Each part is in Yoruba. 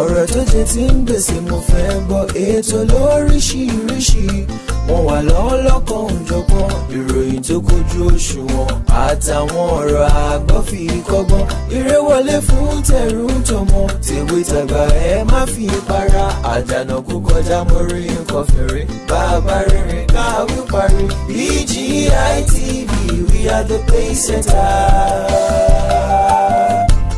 ọ̀rọ̀ tó jẹ ti ń gbèsè mo fẹ́ gbọ́ ètò lóríṣiríṣi wọn wà lọ́wọ́ lọ́kàn òjọ̀gbọ́n ìròyìn tó kojú òṣùwọ̀n àtàwọn ọ̀rọ̀ àgbọ́ fi kọ́gbọ́n eré wọlé fún tẹ̀rù tọmọ tèwe tàgbà ẹ má fi para àdànà kú kọjá mọ́rí nǹkan fèrè bàbá rìnrìn káwí parí BGI e we are the pace setters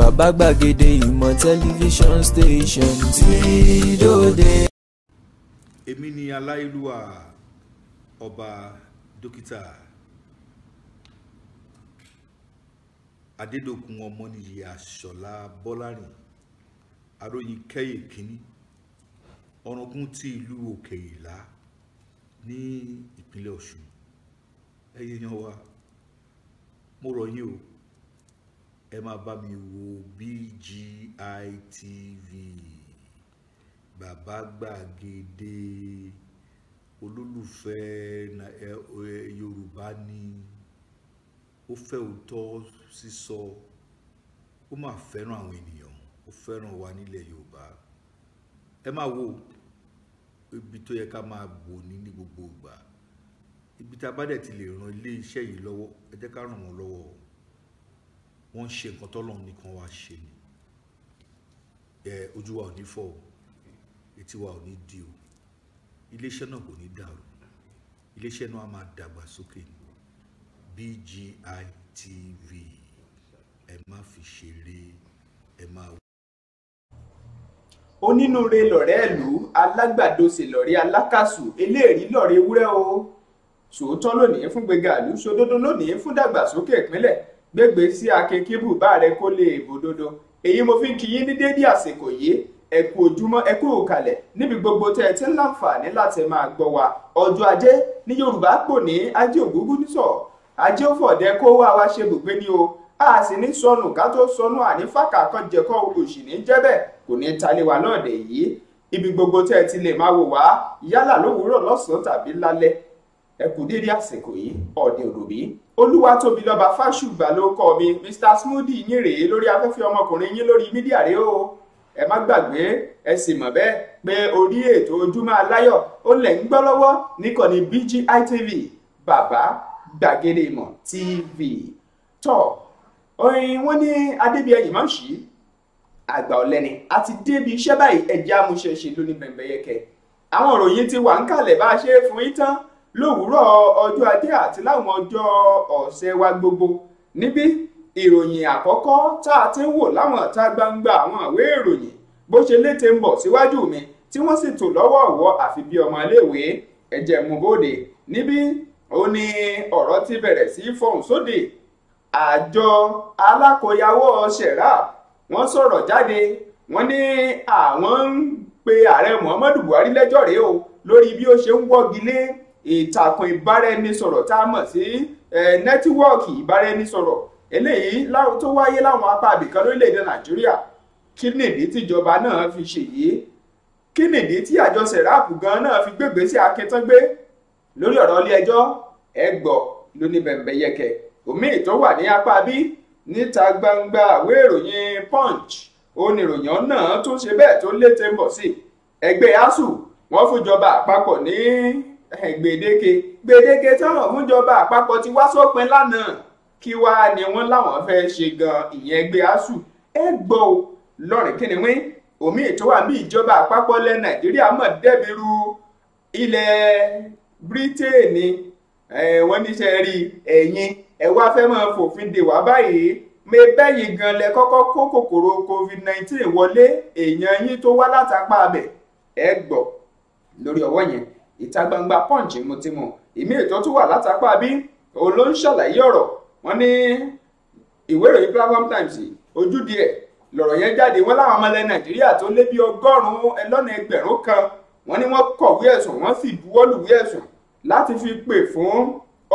bàbá gbàgede ìmọ̀ tẹlifíṣàn station ti dòde. èmi ni aláìlúwà ọba dókítà adédọ̀kun ọmọnìyí àṣọlá bọ́lárìn aróyin kẹ́yè kínní ọ̀ràngún ti ìlú òkè ìlá ní ìpínlẹ̀ ọ̀ṣun ẹ̀yẹ̀yàn wa mo rọ̀ yín o ẹ máa bá mi wo BGI TV bàbá gbàgede olólùfẹ́ yorùbá ni ó fẹ́ òótọ́ sísọ ó máa fẹ́ràn àwọn ènìyàn ó fẹ́ràn wa nílẹ̀ yorùbá ẹ máa wo ibi tó yẹ ká máa bò ní ní gbogbo ìgbà ibi tá a bá dẹ̀ ti lè ran ilé iṣẹ́ yìí lọ́wọ́ ẹ jẹ́ ká ràn wọ́n lọ́wọ́ o wọ́n ń ṣe nǹkan tọ́lọ́run nìkan wá ṣe ni ojú wa ò ní fọ́ o etí wa ò ní di o iléeṣẹ́ náà kò ní dàrú iléeṣẹ́ náà a máa dàgbà sókè ni BGI TV ẹ má fi ṣeré ẹ má wò onínúure lọ̀rẹ́ ìlú alágbàdọsẹ lọ̀rẹ́ alákàsù eléèrí lọ̀rẹ́ ewúrẹ́ o tòótọ́ lónìí fún gbẹgàlú sódodo lónìí fún dàgbàsókè ìpínlẹ̀ gbégbé sí akin kí bùbá rẹ kó lè bòdodo èyí mo fi ń kí yín ní déédéé àsìkò yìí ẹ kú ojúmọ́ ẹ kú òkàlẹ̀ níbi gbogbo tẹ́ ẹ ti ń láǹfààní láti máa gbọ́ wa ọjọ́ ajé ní yorùbá pò ní ajé ògúngún nìsọ̀ ajé ó fọ̀dẹ kó wá wa ṣe bùgbé ni o a sì ní sọnù ká tó sọnù àní fàkà kan jẹkọ òṣì ní jẹbẹ kò ní taliwa náà dẹ yìí ibi gbogbo tẹ́ ẹ ti lè máa wò wá yálà lówùúrọ̀ lọ́sànán tàbí lálẹ́ ẹ kú dédé àsìkò yìí ọ̀dẹ òdòbí olúwa tóbi lọ́ba fáṣùgbà ló kọ́ mi mr Smoody yín rèé lórí afẹ́fẹ́ ọmọkùnrin yín lórí mídíà rèé o ẹ má gbàgbé ẹ sì mọ̀ bẹ́ẹ̀ pé orí ètò ojúmọ́ aláyọ̀ ó lẹ̀ ń gbọ́ lọ́wọ́ níkànnì BGI TV bàbá gbàgede ìmọ̀ TV tọ́ orin wọn ní adébíyẹyìn máa ń ṣí àgbà ọ̀lẹ́ni àti débi iṣẹ́ báyìí ẹ̀jẹ̀ amúṣẹ́ṣe lóní bẹ̀m̀bẹ̀yẹkẹ àwọn òròyìn ti wà ń kalẹ̀ bá a ṣe é fún yín tán lówùúrọ̀ ọjọ́ ajé àti láwọn ọjọ́ ọ̀sẹ̀ wa gbogbo níbí ìròyìn àkọ́kọ́ tá a ti ń wò láwọn ìta gbangba àwọn ìwé ìròyìn bó ṣe léte ń bọ̀ síwájú mi tí wọ́n sì tò lọ́wọ́ ọ̀wọ́ àfi bí ọmọ iléèwé ẹ̀jẹ̀ mubode níbí ó ní ọ̀rọ̀ ti bẹ̀rẹ̀ sí í fọhùn sóde àjọ alákòyawọ́ ṣẹ̀rá wọ́n sọ̀rọ̀ jáde wọ́n ní àwọn ń pe ààrẹ Muhammadu Buhari lẹ́jọ́ rèé o lórí bí ó ṣe ń wọ́gi ìtàkùn ìbáraẹnisọ̀rọ̀ tá a mọ̀ sí nẹ́tíwọ́ọ̀kì ìbáraẹnisọ̀rọ̀ eléyìí tó wáyé láwọn apá àbìkan lórílẹ̀‐èdè nàìjíríà kí nìdí tíjọba náà fi ṣèyí kí nìdí tí àjọ sẹ̀ráàpù gan náà fi gbègbè sí akíntágbé lórí ọ̀rọ̀ ilé ẹjọ́ ẹgbọ́ ló ní bẹ̀m̀bẹ̀ yẹkẹ òmíì tó wà ní apá bí níta gbangba àwé ìròyìn punch oníròyìn náà tó ṣe bẹ́ẹ̀ tó létè ń bọ̀ sí ẹgbẹ́ asuu wọ́n fúnjọba àpapọ̀ ní gbèdéke gbèdéke tí ọ̀rọ̀ fúnjọba àpapọ̀ ti wá sópin lánàá kí wàá ni wọ́n láwọn fẹ́ ṣe gan ìyẹn gbé asù ẹ gbọ́ ò lọ́rìn kí ni wín omi ètò wà bí ìjọba àpapọ̀ lẹ nàìjíríà mọ̀ dẹ́bìrú ilẹ̀ bírítéènì wọ́n níṣẹ́ rí ẹ̀yin ẹ wá fẹ́ máa fòfin dè wá báyìí mẹ́bẹ́ yìí gan lẹ kọ́kọ́ kó kòkòrò covid nineteen wọlé èèyàn yín tó wá látàpá abẹ ẹ gbọ́ lórí ọwọ́ yẹn ìta gbangba punch mu ti mu ìmí ètò tó wà látàpá bí òun ló ń ṣàlàyé ọ̀rọ̀ wọn ní ìwé ìròyìn platform times ojú díẹ̀ lọ̀rọ̀ yẹn jáde wọn láwọn ọmọlẹ̀ nàìjíríà tó lé bí ọgọ́rùn-ún ẹlọ́nà ẹgbẹ̀rún kan wọn ní wọ́n kọ̀wé ẹ̀sùn wọ́n sì buwọ́lùwé ẹ̀sùn láti fi pè fún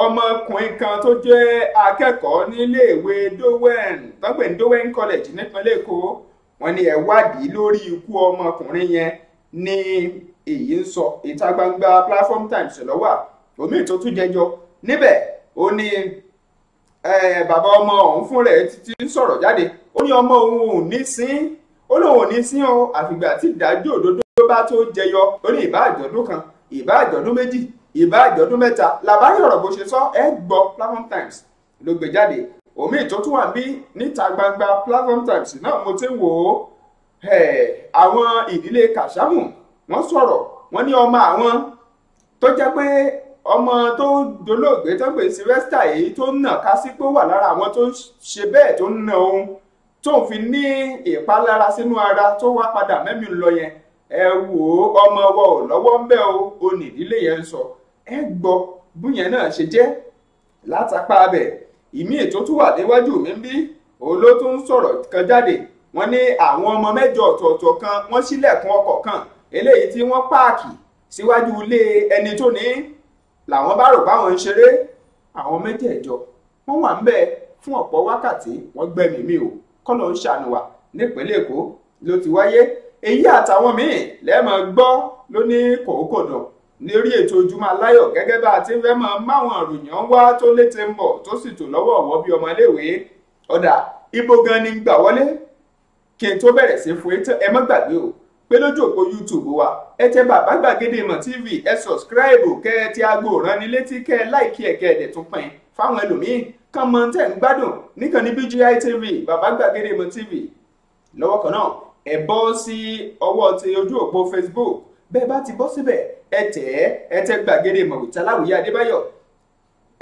ọmọkùnrin kan tó jẹ́ akẹ́kọ̀ọ́ níléèwé dowen tọ́gbẹ̀ dowen college nípínlẹ̀ èkó wọn ní ẹ̀wádìí lórí ikú ọmọkùnrin yẹn ní èyí ń sọ ìta gbangba platform times lọ́wọ́ omi tó tún jẹjọ níbẹ̀ ó ní bàbá ọmọ ọ̀hún fún rẹ̀ ti ń sọ̀rọ̀ jáde ó ní ọmọ òun ò ní sín ó lóun ò ní sín o àfìgbà tí ìdájọ́ òdodo bá tó jẹyọ ó ní ìbá àjọ̀dún kan ìbá àjọ̀dún méjì ìbá àjọ̀dún mẹ́ta làbárí ọ̀rọ̀ bó ṣe sọ ẹ gbọ́ platform times ló gbé jáde omi tó tún wà bí níta gbangba platform times náà mo ti wò ó àwọn ìdílé kàṣámù wọ́n sọ̀rọ̀ wọ́n ní ọmọ àwọn tó jẹ́ pé ọmọ tó dolóògbé tó ń pè Sylvester èyí tó ń nà ká sí pé ó wà lára àwọn tó ń ṣe bẹ́ẹ̀ tó ń nà òun tóun fi ní ìpalára sínú ara tó wá padà mẹ́mí lọ yẹn ẹ wò ó ọmọ ọwọ́ ò lọ́wọ́ ń bẹ́ o ò ní ìdílé yẹn ń sọ ẹ gbọ́ búyẹn náà ṣe jẹ́ látàpá abẹ̀ ìmí ètò tó wà níwájú mi ń bí òun ló tún sọ̀rọ̀ kan jáde wọ́n ní àwọn ọmọ mẹ́jọ ọ̀tọ̀ọ̀tọ̀ kan wọ́n ṣílẹ̀kùn ọkọ̀ kan eléyìí tí wọ́n páàkì síwájú ilé ẹni tó ní làwọn bá rò báwọn ń ṣeré àwọn mẹ́jẹ̀ẹ̀jọ wọ́n wà ń bẹ̀ fún ọ̀pọ̀ wákàtí wọ́n gbẹ̀mí mi ò kọ́lọ̀ ń ṣàánú wa nípínlẹ̀ èkó ló ti wáyé èyí àtàwọn míì lẹ́ẹ̀mọ̀ gbọ́ ló ní kòókòdàn lérí ètò ojúmọ́ aláyọ̀ gẹ́gẹ́ bá a ti fẹ́ mọ máwọn ìròyìn wá tó létí ń bọ̀ tó sì tò lọ́wọ́ ọ̀wọ́ bíi ọmọléèwé ọ̀dà ibo gan ni gbà wọlé kí n tó bẹ̀rẹ̀ sí fún ẹ mọ́ gbàgbé o pé lójú òpó youtube wa ẹ tẹ bàbá gbàgede ìmọ̀ tv ẹ sọ̀scribe kẹ ẹ ti aago ìránnilétí kẹ ẹ láìkí ẹ kẹ ẹ dẹ̀ tún pín fáwọn ẹlòmíín kan mọ tẹ̀ ń gbádùn nìkan ní BGI TV bàbá gbàgede ìmọ̀ tv lọ́wọ́ kan náà ẹ bọ́ sí ọwọ́ ti ojú òpó facebook bẹ́ẹ̀ bá ti bọ́ síbẹ̀ ẹ tẹ̀ ẹ́ ẹ tẹ gbàgede ìmọ̀ wìtá láwùyé adébáyọ̀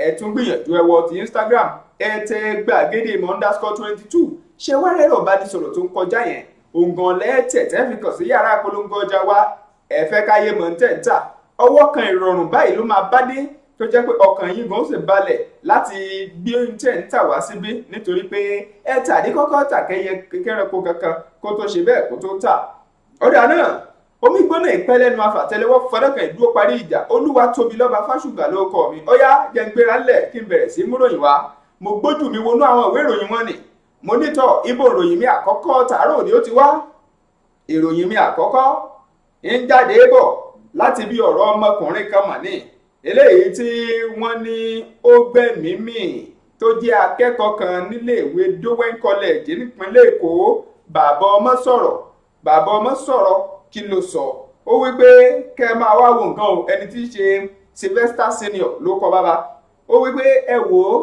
ẹ tún gbìyànjú ẹ wọ ti instagram ẹ tẹ gbàgede ìmọ̀ underscore twenty two ṣé wàá rẹ̀ rọ̀ bá ní sọ̀rọ̀ tó ń kọjá yẹn òǹgàn lẹ́tẹ̀tẹ̀ fi kàn sí yàrá ìpolongo ọjà wa ẹ fẹ́ káyé mọ̀ ń tẹ̀ǹtà ọwọ́ kan ìrọ̀rùn báyìí ló máa bá dé tó jẹ́ pé ọkàn yín gan ó sì balẹ̀ láti gbé oúnjẹ ń tà wá síbí nítorí pé ẹ tàdí kọ́kọ́ tà kẹ́yẹ kẹ́rẹ́po kankan kó tó ṣe bẹ́ẹ̀ kó tó tà ọ̀dà náà omi gbóná ìpẹ́ lẹ́nu afàtẹ́lẹwọ́ fọdọ́kàn ìdúró parí ìjà olúwa tóbi lọ́ba fásùgbà ló kọ́ mi ọ̀yá jẹ́ ń gbéra ńlẹ̀ kí n bẹ̀rẹ̀ sí múròyìn wá mo gbójú mi wọnú àwọn ìwé ìròyìn wọn nìí mo ibo ìròyìn mi àkọ́kọ́ tàárọ̀ ni ó ti wá ìròyìn mi àkọ́kọ́ ń jáde bọ̀ láti bí ọ̀rọ̀ ọmọkùnrin kan mà ní eléyìí tí wọ́n ní ó gbẹ̀mìí mì tó jẹ́ akẹ́kọ̀ọ́ kan níléèwé dowen college nípínlẹ̀ èkó bàbá ọmọ sọ̀rọ̀ bàbá ọmọ sọ̀rọ̀ kí ló sọ ó wí pé kẹ́ máa wá wo nǹkan o ẹni tí í ṣe Sylvester senior ló kọ bàbá ó wí pé ẹ wò ó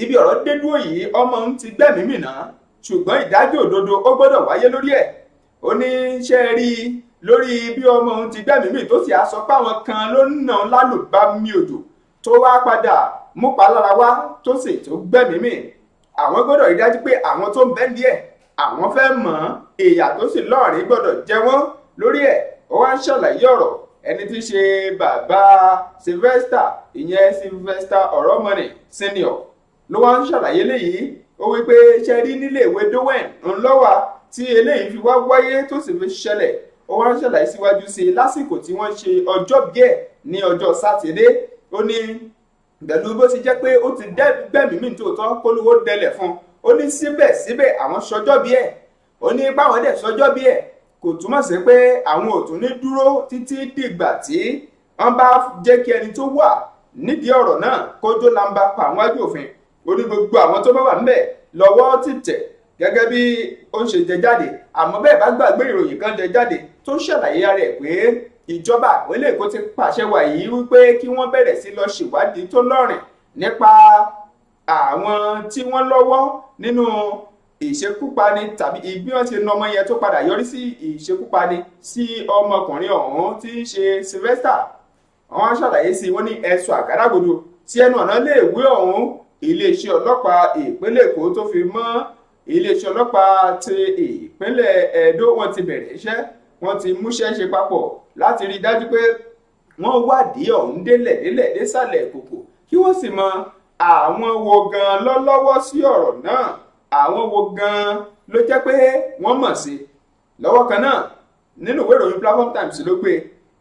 ibi ọ̀rọ̀ dé dúró yìí ọmọ ń ti gbẹ̀mí mìíràn ṣùgbọ́n ìdájọ́ òdodo ó gbọ́dọ̀ wáyé lórí ẹ̀ ó ní ṣe é rí i lórí bí ọmọ òun ti gbẹ̀mí mìíràn tó sì á sọ pé àwọn kan ló ń nà lálùbami òjò tó wá padà mú palára wá tó sì tó gbẹ̀mí mìíràn àwọn gbọ́dọ̀ rí dájú pé àwọn tó ń bẹ́ ní àwọn fẹ́ mọ̀ èyà tó sì lọ́ọ̀rín gbọ́dọ̀ jẹ wọ́n lórí ẹ̀ ó wá ń ṣàlàyé ọ̀rọ̀ ẹni tí í ṣe bàbá Sylvester ìyẹn Sylvester Oromoni senior ló wá ń ṣàlàyé léyìí ó wí pé ṣe rí níléèwé dowen ńlọ́wà tí eléyìí fi wá wáyé tó sì fi ṣẹlẹ̀ ó wá ń ṣàlàyé síwájú sí i lásìkò tí wọ́n ṣe ọjọ́ bíẹ̀ ní ọjọ́ sátidé ó ní pẹ̀lú bó ti jẹ́ pé ó ti gbẹ̀mí mi tòótọ́ kólúwó dẹlẹ̀ fún ó ní síbẹ̀síbẹ̀ àwọn ṣọjọ́ bíẹ̀ ó ní báwọn dẹ̀ ṣọjọ́ bíẹ̀ kò túmọ̀ sí pé àwọn ò tún ní dúró títí dìgbà tí wọ́n bá jẹ́ kí ẹni tó wà nídìí ọ̀rọ̀ náà kójó lamba pa àwọn ajófin ó ní gbogbo àwọn tó bá wà ńbẹ̀ lọ́wọ́ ti tẹ̀ gẹ́gẹ́ bí ó ń ṣe jẹ jáde àmọ́ bẹ́ẹ̀ bá gbàgbé ìròyìn kan jẹ jáde tó ṣàlàyé rẹ̀ pé ìjọba àpẹẹlẹ Èkó ti pàṣẹ wà yìí wípé kí wọ́n bẹ̀rẹ̀ sí lọ ṣèwádìí tó lọ́rìn nípa àwọn tí wọ́n lọ́wọ́ nínú ìṣekúpani tàbí ibi wọn ti nọmọ yẹn tó padà yọrí sí ìṣekúpani sí ọmọkùnrin ọ̀hún tí ń ṣe Sylvester wọ́n ṣàlàyé sí wọ́n ní ẹ̀sùn àgádágodo tí ẹnu ọ̀nà léèwé ọ̀hún iléeṣẹ́ ọlọ́pàá ìpínlẹ̀ èkó tó fi mọ́ iléeṣẹ́ ọlọ́pàá ti ìpínlẹ̀ ẹdó wọ́n ti bẹ̀rẹ̀ iṣẹ́ wọ́n ti múṣẹ́ ṣe papọ̀ láti rí i dájú pé wọ́n wádìí ọ̀hún délẹ̀ délẹ̀ désàlẹ̀ kòkò kí wọ́n sì mọ àwọn wo gan lọ́lọ́wọ́ sí ọ̀rọ̀ náà àwọn wo gan ló jẹ́ pé wọ́n mọ̀ sí lọ́wọ́ kan náà nínú ìwé ìròyìn Platform Times ló gbé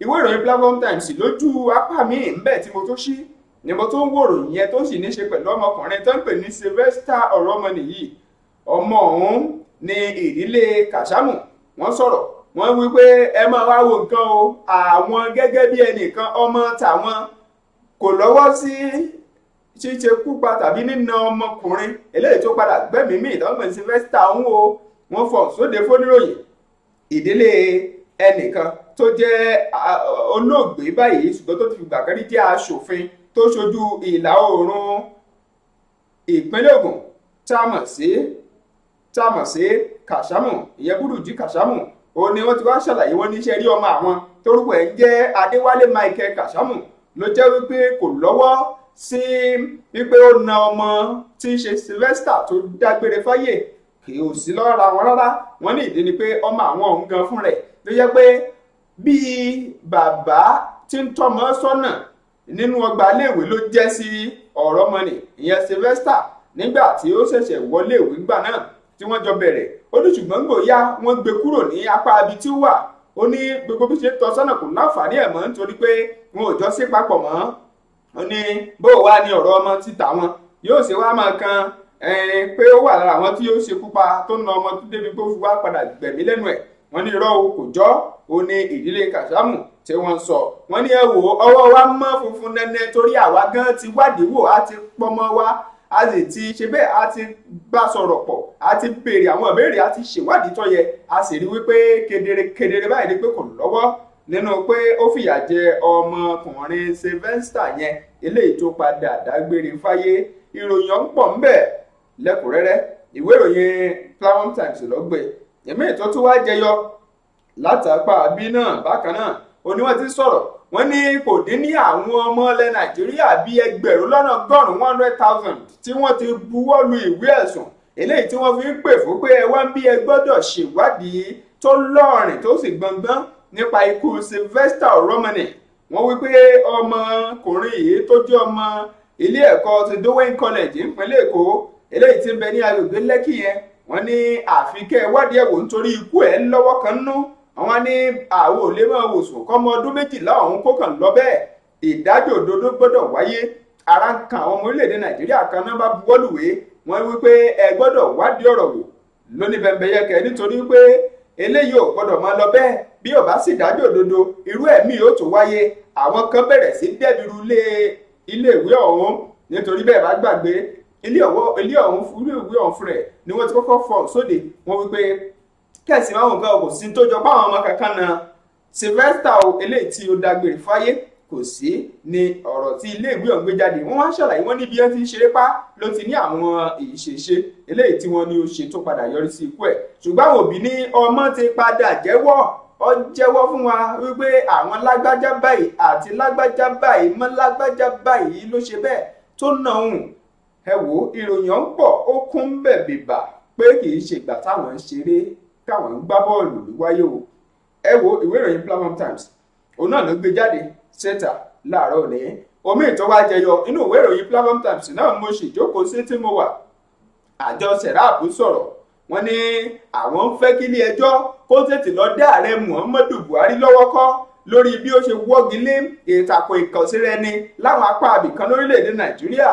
ìwé ìròyìn Platform Times lójú apá mi ń bẹ tí mo tó ṣí níbo tó ń wòrò yẹn tó sì ní ṣe pẹ̀lú ọmọkùnrin tó ń pè ní Sylvester Oromoni yìí ọmọ ọ̀hún ni ìdílé Kàṣámù wọ́n sọ̀rọ̀ wọ́n wí pé ẹ máa wá wo nǹkan o àwọn gẹ́gẹ́ bí ẹnìkan ọmọ tàwọn kò lọ́wọ́ sí ṣíṣe kúpa tàbí nína ọmọkùnrin eléyìí tó padà gbẹ́mìí mì tó ń pè ní Sylvester ọ̀hún o wọ́n fọ̀ sóde fóníròyìn ìdílé ẹnìkan tó jẹ́ olóògbé báyìí ṣùgbọ́n tó ti gbàgbé jẹ́ aṣòfin tó ṣojú ìlà oòrùn ìpínlẹ̀ Ògùn tá a mọ̀ sí tá a mọ̀ sí Kàṣámù ìyẹn Bùrújí Kàṣámù ó ní wọ́n ti wá ṣàlàyé wọ́n níṣẹ́ rí ọmọ àwọn torúkọ ẹ̀ ń jẹ́ Adéwálé Michael Kàṣámù ló jẹ́ wípé kò lọ́wọ́ sí wípé ó na ọmọ tí í ṣe Sylvester tó dágbére fáyé kì í sí lọ́ra wọn rárá wọ́n ní ìdí ni pé ọmọ àwọn òun gan fún rẹ̀ ló jẹ́ pé bíi bàbá tí ń tọ́mọ sọ́nà nínú ọgbà iléèwé ló jẹ́ sí ọ̀rọ̀mọnì ìyẹn Sylvester nígbà tí ó ṣẹ̀ṣẹ̀ wọlé ìwé ńgbà náà tí wọ́n jọ bẹ̀rẹ̀ ó ní ṣùgbọ́n gbò yá wọ́n gbé kúrò ní apá ibi tí ó wà ó ní gbogbo bí ṣe tọ́ sọ́nà kò láǹfààní ẹ̀ mọ́ nítorí pé wọn ò jọ sí papọ̀ mọ́ ó ní bó wá ní ọ̀rọ̀ ọmọ títà wọn yóò ṣe wá máa kan pé ó wà lára àwọn tí yóò ṣekú pa tó ń na ọmọ tó débi pé wá padà gbẹ̀mí lẹ́nu ẹ̀ wọ́n ní irọ́ kò jọ́ ó ní ìdílé Kàsámù tí wọ́n sọ wọ́n ní ẹ wò ó ọwọ́ wa mọ́ funfun nẹ́nẹ́ torí àwa gan ti wádìí wò á ti pọmọ wa a sì ti ṣe bẹ́ẹ̀ a ti bá sọ̀rọ̀ pọ̀ a ti béèrè àwọn ìbéèrè a ti ṣèwádìí tó yẹ a sì rí wípé kedere kedere báyìí ni pé kò lọ́wọ́ nínú pé ó fìyà jẹ ọmọkùnrin Sylvester yẹn eléyìí tó padà dágbére fáyé ìròyìn ọ̀hún pọ̀ ńbẹ̀ lẹ́kùnrẹ́rẹ́ ìwé ìròyìn Platform Times ló ẹ̀mí ìtọ́ tó wá jẹyọ látàpá bí náà bákan náà òní wọ́n ti sọ̀rọ̀ wọ́n ní kò dín ní àwọn ọmọ ilẹ̀ nàìjíríà bíi ẹgbẹ̀rún lọ́nà ọgọ́rùn-ún one hundred thousand tí wọ́n ti buwọ́ lu ìwé ẹ̀sùn eléyìí tí wọ́n fi ń pè fún pé ẹ wá ń bí ẹ gbọ́dọ̀ ṣèwádìí tó lọ́ọ̀rìn tó sì gbọ̀ngbọ́n nípa ikú Sylvester Oromoni wọ́n wí pé ọmọkùnrin yìí tó jẹ́ ọmọ ilé ẹ̀kọ́ ti Dowen College ìpínlẹ̀ Èkó eléyìí tí ń bẹ ní agbègbè Lẹ́kì yẹn wọ́n ní àfi kẹ́ ẹ wádìí ẹ̀ wò nítorí ikú ẹ̀ ń lọ́wọ́ kan nú àwọn ní àwọn ò lè máa wòsàn kọ́mọ ọdún méjìlá ọ̀hún kó kàn lọ bẹ́ẹ̀ ìdájọ́ òdodo gbọ́dọ̀ wáyé ara ń kan àwọn ọmọ orílẹ̀-èdè nàìjíríà kan náà bá buwọ́lùwé wọ́n wí pé ẹ gbọ́dọ̀ wádìí ọ̀rọ̀ wò lónìí bẹ́ńbẹ́yẹkẹ nítorí pé eléyìí ò gbọ́dọ̀ máa lọ bẹ́ẹ̀ bí ò sì dájọ́ òdodo irú ẹ̀mí yóò tún wáyé àwọn kan bẹ̀rẹ̀ sí dẹ́bìrú ilé ìwé ọ̀hún nítorí bẹ́ẹ̀ bá gbàgbé ilé ọwọ ilé ọhún ilé ìwé ọhún fúnrẹ ni wọ́n ti kọ́kọ́ fọ sóde wọ́n wípé kẹsì máa ń gbà kò sí tó jọ báwọn ọmọ kankan náà Sylvester o eléyìí tí ó dágbére fáyé kò sí ni ọ̀rọ̀ tí ilé ìwé ọ̀hún gbé jáde wọ́n wá ṣàlàyé wọ́n níbi ẹni tí ń ṣeré pa ló ti ní àwọn ìṣèṣe eléyìí tí wọ́n ní ó ṣe tó padà yọrí sí ikú ẹ̀ ṣùgbọ́n àwọn òbí ní ọmọ ti padà jẹ́wọ́ ó jẹ́wọ́ fún wa wípé àwọn lágbájá báyìí àti lágbájá báyìí mọ́ lágbájá báyìí ló ṣe bẹ́ẹ̀ tó náà hùn ẹ wo ìròyìn ọ̀hún pọ̀ ó kún bẹ̀ bèbà pé kì í ṣe ìgbà táwọn ń ṣeré káwọn ń gbá bọ́ọ̀lù wáyé o ẹ wo ìwé ìròyìn Platform Times òun náà ló gbé jáde sẹ́tà láàárọ̀ ní omi ìtọ́wá jẹyọ inú ìwé ìròyìn Platform Times náà mo ṣèjókòó sí tí mo wà àjọ sẹ̀ráàbù sọ̀rọ̀ wọ́n ní àwọn ń fẹ́ kí ilé ẹjọ́ kó tètè lọ dá ààrẹ Muhammadu Buhari lọ́wọ́ kọ́ lórí bí ó ṣe wọ́gi lé ìtàkùn ìkànsíra ẹni láwọn apá abìkan lórílẹ̀‐èdè Nàìjíríà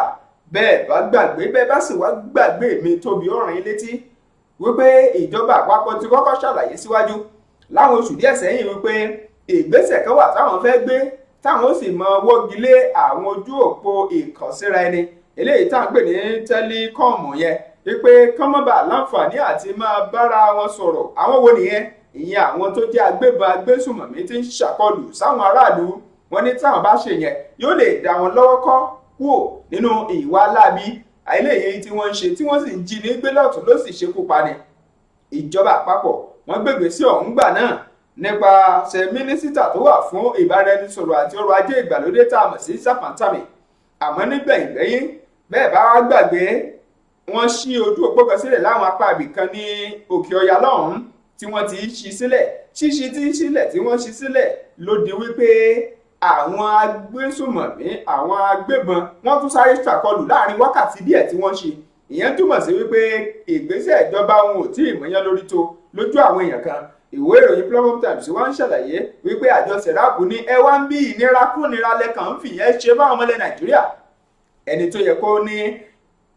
bẹ́ẹ̀ bá gbàgbé bẹ́ẹ̀ bá sì wá gbàgbé mi tóbi ọ̀ràn yín létí wípé ìjọba àpapọ̀ ti kọ́kọ́ ṣàlàyé síwájú láwọn oṣù díẹ̀ sẹ́yìn wípé ìgbésẹ̀ kan wà táwọn fẹ́ gbé táwọn ó sì mọ wọ́gi lé àwọn ojú òpó ìkànsíra ẹni eléyìí tá à ń pè ní tẹlifọ́ọ̀mù yẹn wípé kọ́mọ́bà láǹfààní àti máa bára wọn sọ̀rọ̀ àwọn wo nìyẹn ìyẹn àwọn tó jẹ́ agbébọn agbésùmọ̀mí ti ń ṣàkọlù sáwọn aráàlú wọn ní táwọn bá ṣe yẹn yóò lè dá wọn lọ́wọ́ kọ́ kúò nínú ìwà láabi àìlèyé tí wọ́n ń ṣe tí wọ́n sì ń jí ní gbé ló sì ṣekú pani ìjọba àpapọ̀ wọ́n gbègbè sí ọ̀hún gbà náà nípasẹ̀ mínísítà tó wà fún ìbáraẹnisọ̀rọ̀ àti ọrọ̀ ajé ìgbàlódé tá a mọ̀ sí sàpàǹtàmì àmọ́ nígbẹ̀yìn gbẹ́yìn bẹ́ẹ̀ bá wá gbàgbé wọ́n ṣí ojú òpó sílẹ̀ láwọn apá ibìkan ní òkè ọ̀yà lọ́hùn-ún tí wọ́n ti ṣí sílẹ̀ ṣíṣí tí sílẹ̀ tí wọ́n ṣí sílẹ̀ ló wípé àwọn agbésùmọ̀mí àwọn agbébọn wọ́n tún sáré ṣàkọlù láàrin wákàtí díẹ̀ tí wọ́n ṣe ìyẹn túmọ̀ sí wípé ìgbésẹ̀ ìjọba wọn ò tí ì mọ̀yán lórí tó lójú àwọn èèyàn kan ìwé ìròyìn Platform Times wá ń ṣàlàyé wípé àjọ sẹ̀ráàbù ní ẹ wá ń bí ìnira kúnira lẹ́kàn ń fìyẹn ṣe fáwọn ọmọlẹ̀ Nàìjíríà ẹni tó yẹ kó ní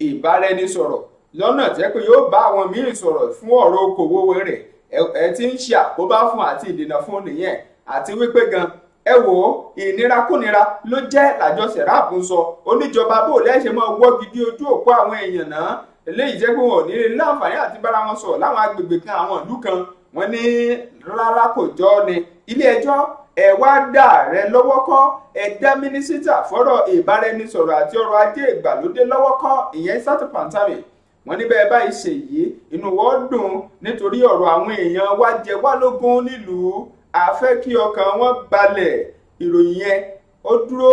ìbáraẹnisọ̀rọ̀ lọ́nà tẹ́ pé yóò bá àwọn míì sọ̀rọ̀ fún ọ̀rọ̀ okòwò rẹ̀ ẹ ti ń ṣe àkóbá fún àti ìdènà fún nìyẹn àti wípé gan ẹ wò ó ìnira kúnira ló jẹ́ làjọ sẹ̀ráàbù ń sọ oníjọba bò lẹ́sẹ̀ mọ́ wọ́ gidi ojú òpó àwọn èèyàn náà eléyìí jẹ́ pé wọn ò ní rí láǹfààní àti bára wọn sọ̀rọ̀ láwọn agbègbè kan àwọn ìlú kan wọ́n ní rárá kò jọ ni ilé ẹjọ́ ẹ wá dà rẹ lọ́wọ́ kọ́ ẹ dá mínísítà fọ́rọ̀ ìbáraẹnisọ̀rọ̀ àti ọrọ̀ ajé ìgbàlódé lọ́wọ́ kọ́ ìyẹn Satu Pantami wọ́n ní bẹ́ẹ̀ báyìí ṣèyí inú wọn dùn nítorí ọ̀rọ̀ àwọn èèyàn wá jẹ wá lógún nílùú a fẹ́ kí ọkàn wọn balẹ̀ ìròyìn yẹn ó dúró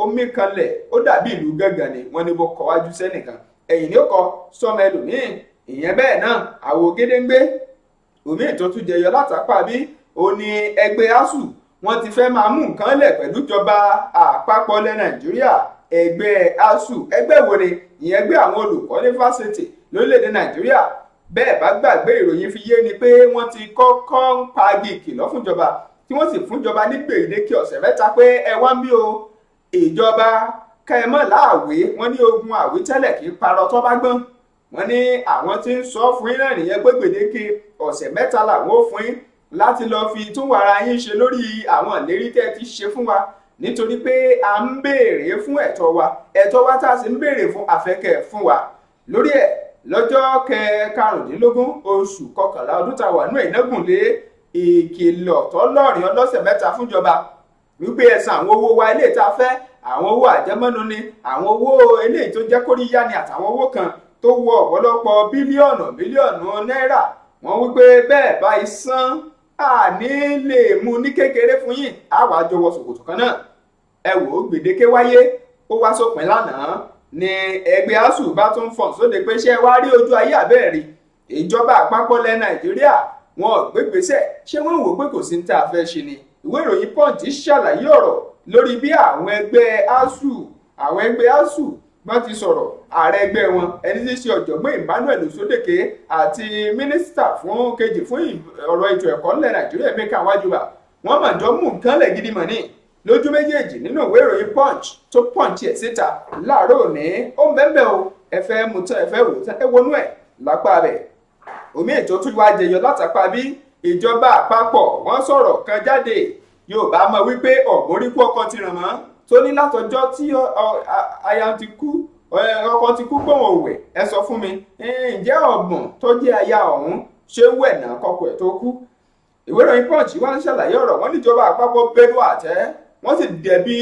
omi kanlẹ̀ ó dàbí ìlú gángan ni wọ́n ní bó kọ wájú sẹ́nìkan ẹ̀yìn ni ó kọ sọmọ ẹlòmíín ìyẹn bẹ́ẹ̀ náà àwo gédéńgbé omi ìtọ́tún jẹyọ látàpá bí ó ní ẹgbẹ́ asuu wọ́n ti fẹ́ máa mú nǹkan lẹ̀ pẹ̀lú ìjọba àpapọ̀ lẹ nàìjíríà ẹgbẹ́ asuu ẹgbẹ́ wo ni ìyẹn ẹgbẹ́ àwọn olùkọ́ ní fásitì lórílẹ̀‐èdè nàìjíríà bẹ́ẹ̀ bá gbàgbé ìròyìn fi yé ni pé wọ́n ti kọ́kọ́ ń pagi ìkìlọ̀ fúnjọba tí wọ́n sì fúnjọba ní gbèdéke ọ̀sẹ̀ mẹ́ta pé ẹ wá ń bí o ìjọba kẹmọ́ láàwé wọ́n ní ogun àwítẹ́lẹ̀ kì í parọ́ tó bá gbọ́n wọ́n ní àwọn tí ń sọ fún yín náà nìyẹn pé gbèdéke ọ̀sẹ̀ mẹ́ta làwọn ò fún yín láti lọ fi tún wàrà yín ṣe lórí àwọn ìlérí tẹ́ ti ṣe fún wa nítorí pé à ń béèrè fún ẹ̀tọ́ wa ẹ̀tọ́ wa tá a sì ń béèrè fún àfẹ́kẹ́ fún wa lórí ẹ̀ lọ́jọ́ karùndínlógún oṣù kọkànlá ọdún tá a wà nú ìnẹ́gùn lé ìkìlọ̀ tọ́lọ́rin ọlọ́sẹ̀ mẹ́ta fúnjọba wípé ẹ san àwọn owó wa eléyìí tá a fẹ́ àwọn owó àjẹmọ́nu ni àwọn owó eléyìí tó jẹ́ kóríyá ni àtàwọn owó kan tó wọ ọ̀pọ̀lọpọ̀ bílíọ̀nù mílíọ̀nù náírà wọ́n wípé bẹ́ẹ̀ bá isan àní lè mú ní kékeré fún yín àwa jọ wọ kan náà ẹ gbèdéke wáyé ó wá sópin lánàá ni ẹgbẹ́ asuu bá tún fọ̀n sóde pé ṣé wàá rí ojú ayé àbẹ́ẹ̀rí ìjọba àpapọ̀ lẹ nàìjíríà wọn ò gbégbèsè ṣé wọn wò pé kò sí ní tá a fẹ́ ṣe ni ìwé ìròyìn punch ṣàlàyé ọ̀rọ̀ lórí bí àwọn ẹgbẹ́ asuu àwọn ẹgbẹ́ asuu wọ́n ti sọ̀rọ̀ ààrẹ ẹgbẹ́ wọn ẹni tí í ṣe ọ̀jọ̀gbọ́n Emmanuel Osodeke àti mínísítà fún kejì fún ọ̀rọ̀ ètò ẹ̀kọ́ nílẹ̀ Nàìjíríà Emeka Nwajuba wọ́n mọ̀jọ́ mú nǹkan lẹ̀ gidi mọ̀ ní lójú méjèèjì nínú ìwé ìròyìn punch tó punch ẹ̀ síta láàárọ̀ òní ó mẹ́mẹ́ o ẹ fẹ́ mu tán ẹ fẹ́ wò tán ẹ wọnú ẹ̀ lápá rẹ̀ omi ètò tún wá jẹyọ látàpá bí ìjọba àpapọ̀ wọ́n sọ̀rọ̀ kan jáde Yorùbá mọ̀ wípé ọ̀gbórí kú ọkọ ti ràn mọ́ tó ní látọjọ́ tí aya ti kú ọkọ ti kú gbọ̀n òwẹ̀ ẹ sọ fún mi ǹjẹ́ ọ̀gbọ̀n tó jẹ́ aya ọ̀hún ṣé wẹ̀ náà kọkọ ẹ̀ tó kú ìwé ìròyìn punch wá ń ṣàlàyé ọ̀rọ̀ wọn níjọba àpapọ̀ bẹ́ẹ̀ lọ àtẹ́ wọ́n sì dẹ̀bi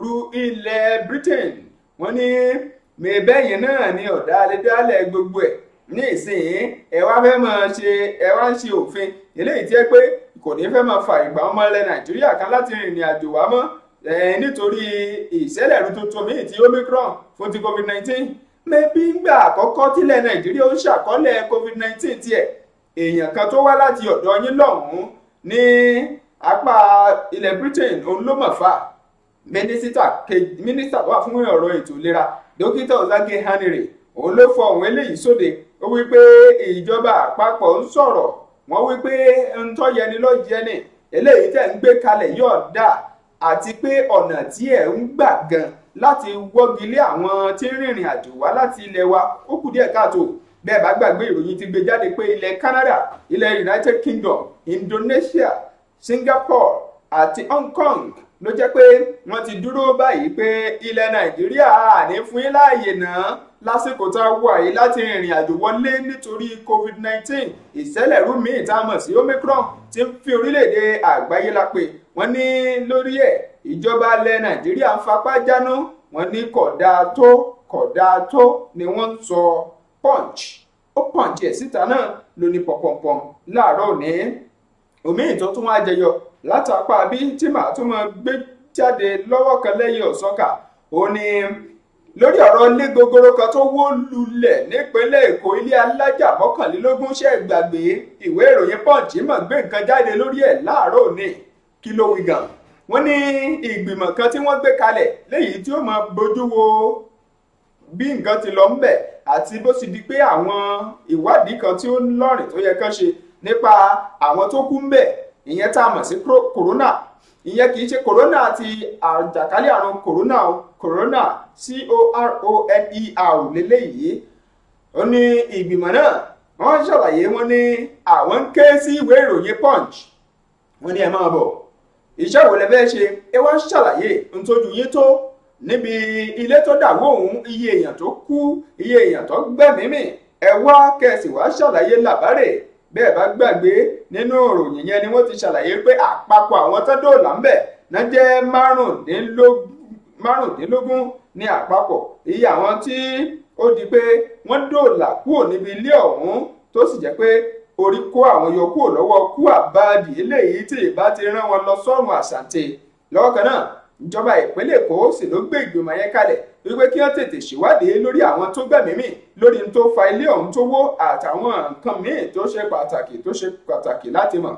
ru ilẹ̀ Britain wọ́n ní mẹ́bẹ́yìn náà ni ọ̀dà àlẹ́dálẹ̀ gbogbo ẹ̀ ní ìsìn ẹ wá fẹ́ máa ṣe ẹ wá ń ṣe òfin eléyìí tí ẹ pé kò ní fẹ́ máa fa ìgbà ọmọ ilẹ̀ Nàìjíríà kan láti rìnrìn àjò wá mọ́ nítorí ìṣẹ̀lẹ̀rú tuntun míì ti Omicron fún ti COVID-19 mẹ́bí ngbà àkọ́kọ́ tílẹ̀ Nàìjíríà ó ṣàkọọ́lẹ̀ COVID-19 tiẹ̀ èèyàn kan tó wá láti ọ̀dọ̀ yín lọ́hùn-ún ní apá ilẹ̀ Britain òun ló mọ̀ fà mínísítà mínísítà wà fún ọ̀rọ̀ ètò ìlera dókítà Ozage Anire òun ló fọ òun eléyìí sóde ó wí pé ìjọba àpapọ̀ ń sọ̀rọ̀ wọ́n wí pé ń tọ́ yẹni ló jẹni eléyìí tẹ̀ ń gbé kalẹ̀ yóò dà àti pé ọ̀nà tí ẹ̀ ń gbà gan láti wọ́gi lé àwọn tí ń rìnrìn àjò wá láti ilẹ̀ wa ó kù díẹ̀ káàtó bẹ́ẹ̀ bá gbàgbé ìròyìn ti gbé jáde pé ilẹ̀ Canada ilẹ̀ United Kingdom Indonesia Singapore àti Hong Kong ló jẹ́ pé wọ́n ti dúró báyìí pé ilẹ̀ Nàìjíríà àní fún yín láàyè náà lásìkò tá a wà yìí láti ìrìn àjò wọlé nítorí COVID-19 ìṣẹ̀lẹ̀rú míì tá a mọ̀ sí Omicron ti ń fi orílẹ̀-èdè àgbáyé lápè wọ́n ní lórí ẹ̀ ìjọba ilẹ̀ Nàìjíríà ń fapá jáná wọ́n ní kódà tó kódà tó ni wọ́n ń sọ punch ó punch ẹ̀ síta náà ló ní pọ̀pọ̀pọ̀ láàárọ̀ òní òmíì tó tún wá jẹyọ látàpá bí tí màá tún mọ gbé jáde lọ́wọ́ kan lẹ́yìn ọ̀sọ́kà ó ní lórí ọ̀rọ̀ ilé gogoro kan tó wó lulẹ̀ nípínlẹ̀ èkó ilé alájà mọ́kànlélógún ṣe gbàgbé ìwé ìròyìn punch mọ̀ gbé nǹkan jáde lórí ẹ̀ láàárọ̀ òní kí ló wí gan wọ́n ní ìgbìmọ̀ kan tí wọ́n gbé kalẹ̀ léyìí tí ó máa bójú wo bí nǹkan ti lọ ń bẹ̀ àti bó sì di pé àwọn ìwádìí kan tí ó lọ́rìn tó yẹ kán ṣe nípa àwọn tó kú ń bẹ̀ ìyẹn tá a mọ̀ sí kòrónà ìyẹn kì í ṣe kòrónà àti àjàkálẹ̀ àrùn kòrónà o kòrónà c-o-r-o-n-e-r e lélẹ́yìí ó ní ìgbìmọ̀ náà wọ́n ṣàlàyé wọ́n ní àwọn ń ké sí ìwé ìròyìn punch wọ́n ní ẹ máa bọ̀ iṣẹ́ wo lẹ fẹ́ ṣe ẹ wá ṣàlàyé ntójú yín tó níbi ilé tó dàwó òun iye èèyàn tó kú iye èèyàn tó gbẹ̀mímì ẹ wá kẹsì wá ṣàlàyé làbárè bẹ́ẹ̀ bá gbàgbé nínú ìròyìn yẹn ni wọ́n ti ṣàlàyé pé àpapọ̀ àwọn tó dóòlà ńbẹ̀ náà jẹ́ márùndínlógún ní àpapọ̀ iye àwọn tí ó di pé wọ́n dóòlà kúrò níbi ilé ọ̀hún tó sì jẹ́ pé orí kó àwọn yòókù lọ́wọ́ kú àbáàdì eléyìí tí ìbá ti rán wọn lọ sọ́run lọ́wọ́ kan náà ìjọba ìpínlẹ̀ èkó sì ló gbé ìgbìmọ̀ yẹn kalẹ̀ wípé kí wọ́n tètè ṣèwádìí lórí àwọn tó gbẹ̀mí mì lórí n tó fa ilé ọ̀hún tó wó àtàwọn nǹkan míì tó ṣe pàtàkì tó ṣe pàtàkì láti mọ̀